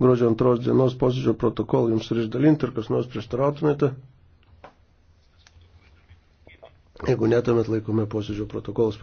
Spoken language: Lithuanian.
gruodžio antros dienos posėdžio protokolą jums ir išdalinti, ir kas nors prieštarautumėte. Jeigu netumėt laikome posėdžio protokolus pat